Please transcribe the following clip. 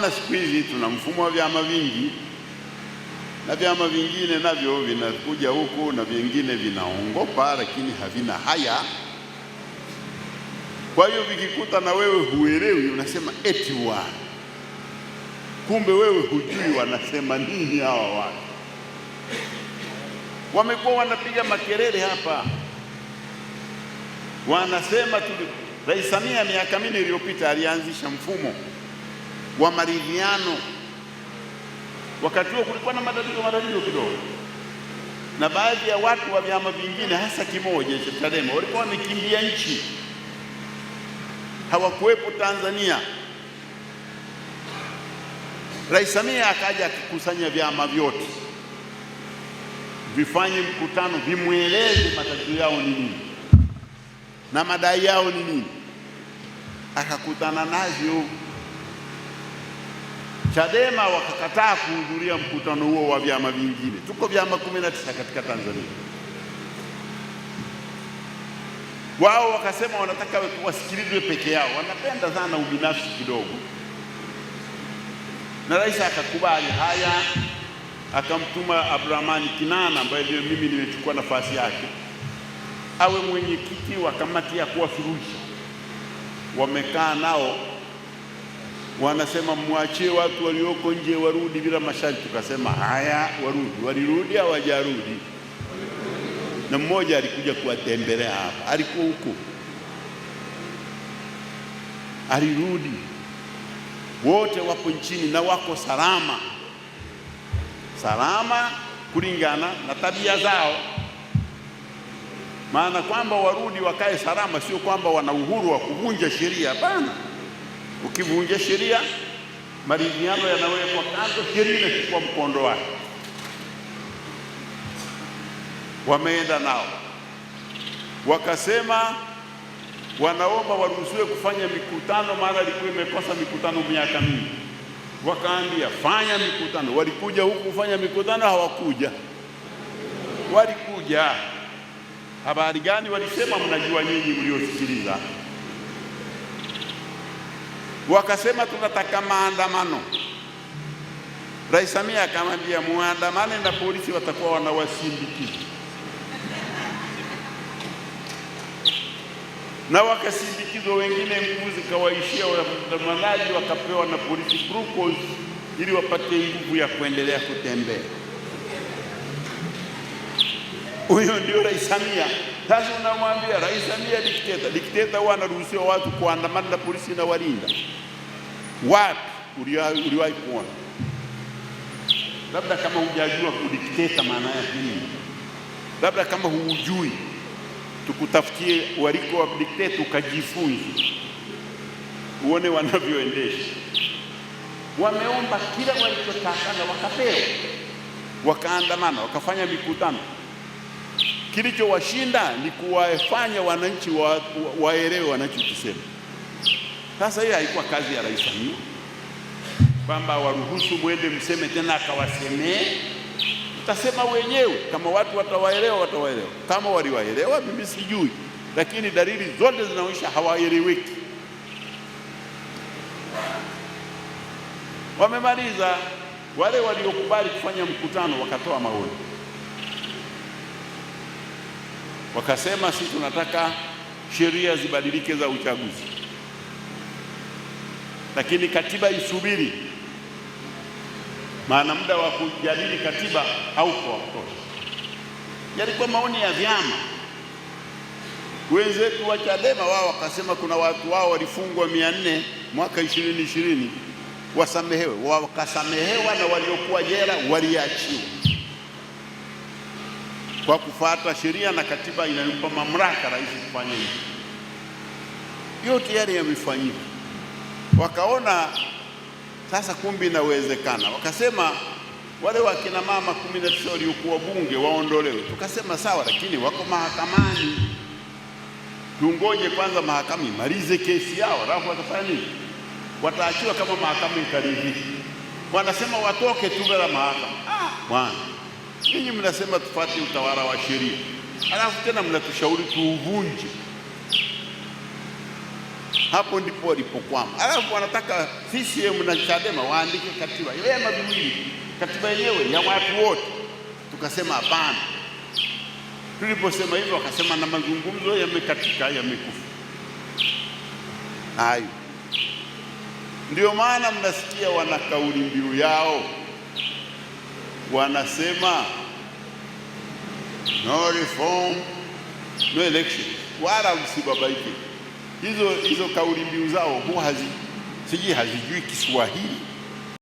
Na siku hizi tuna mfumo wa vyama vingi na vyama vingine navyo vinakuja huku na vingine vinaongopa, lakini havina haya. Kwa hiyo vikikuta na wewe huelewi, unasema eti wa kumbe wewe hujui wanasema nini hawa watu. Wamekuwa wanapiga makelele hapa, wanasema tu Rais Samia miaka minne iliyopita alianzisha mfumo wa maridhiano. Wakati huo kulikuwa na matatizo matatizo kidogo, na baadhi ya watu wa vyama vingine, hasa kimoja cha Chadema, walikuwa wamekimbia nchi, hawakuwepo Tanzania. Rais Samia akaja akikusanya vyama vyote vifanye mkutano, vimweleze matatizo yao ni nini na madai yao ni nini, akakutana nazo. Chadema wakakataa kuhudhuria mkutano huo wa vyama vingine. Tuko vyama 19 katika Tanzania. Wao wakasema wanataka wasikilizwe peke yao, wanapenda sana ubinafsi kidogo, na rais akakubali haya, akamtuma Abdurahmani Kinana ambaye ndio mimi nimechukua nafasi yake awe mwenyekiti wa kamati ya kuwafurushi. Wamekaa nao wanasema mwachie watu walioko nje warudi bila masharti. Tukasema haya, warudi. Walirudi hawajarudi? Na mmoja alikuja kuwatembelea hapa, alikuwa huko, alirudi. Wote wapo nchini na wako salama salama kulingana na tabia zao. Maana kwamba warudi wakae salama, sio kwamba wana uhuru wa kuvunja sheria, hapana. Ukivunja sheria, maridhiano yanawekwa kando, sheria inachukua mkondo wake. Wameenda nao wakasema wanaomba waruhusiwe kufanya mikutano, maana ilikuwa imekosa mikutano miaka mingi. Wakaambia fanya mikutano, walikuja huku kufanya mikutano, hawakuja. Walikuja habari gani? Walisema mnajua nyinyi mliosikiliza wakasema tunataka maandamano. Rais Samia akamwambia muandamane na polisi watakuwa wanawasindikiza, na wakasindikizwa wengine, nguvu zikawaishia waandamanaji, wakapewa na polisi glucose ili wapate nguvu ya kuendelea kutembea. Huyo ndio Rais Samia. Sasa unamwambia Rais Samia dikteta. Dikteta huwa anaruhusiwa watu kuandamana na polisi na walinda. Wapi uliwahi kuona? Labda kama hujajua kudikteta maana yake nini, labda kama huujui, tukutafutie waliko wa dikteta ukajifunze, uone wanavyoendesha. Wameomba kila walichotaka na wakapewa, wakaandamana, wakafanya mikutano kilichowashinda ni kuwafanya wananchi waelewe wa, wanachokisema. Sasa hiyo haikuwa kazi ya Rais Samia kwamba waruhusu mwende mseme tena akawasemee. Utasema wenyewe, kama watu watawaelewa watawaelewa, kama waliwaelewa mimi sijui, lakini dalili zote zinaonyesha hawaeleweki. Wamemaliza, wale waliokubali kufanya mkutano wakatoa maoni wakasema si tunataka sheria zibadilike za uchaguzi, lakini katiba isubiri, maana muda wa kujadili katiba hauko wa kutosha. Yalikuwa maoni ya vyama wenzetu wa Chadema, wao wakasema kuna watu wao walifungwa mia nne mwaka 2020 wasamehewe, wakasamehewa na waliokuwa jela waliachiwa kwa kufuata sheria na katiba inayompa mamlaka rais kufanya hivyo. Yote tayari yamefanyika, wakaona sasa kumbi inawezekana, wakasema wale wakina mama kumi na tisa waliokuwa bunge waondolewe. Tukasema sawa, lakini wako mahakamani, tungoje kwanza mahakama imalize kesi yao, alafu watafanya nini? Wataachiwa kama mahakama itaridhika. Wanasema watoke tu la mahakama. Ah, bwana Nyinyi mnasema tufate utawala wa sheria, alafu tena mnatushauri tuuvunje. Hapo ndipo walipokwama. Alafu wanataka CCM na Chadema waandike katiba vyema viwili, katiba yenyewe ya watu wote. Tukasema hapana. Tuliposema hivyo, wakasema na mazungumzo yamekatika, yamekufa. Hayo ndio maana mnasikia wana kauli mbiu yao wanasema no reform, no election, wala msibabaike. Hizo hizo kauli mbiu zao huwa sijui hazijui Kiswahili.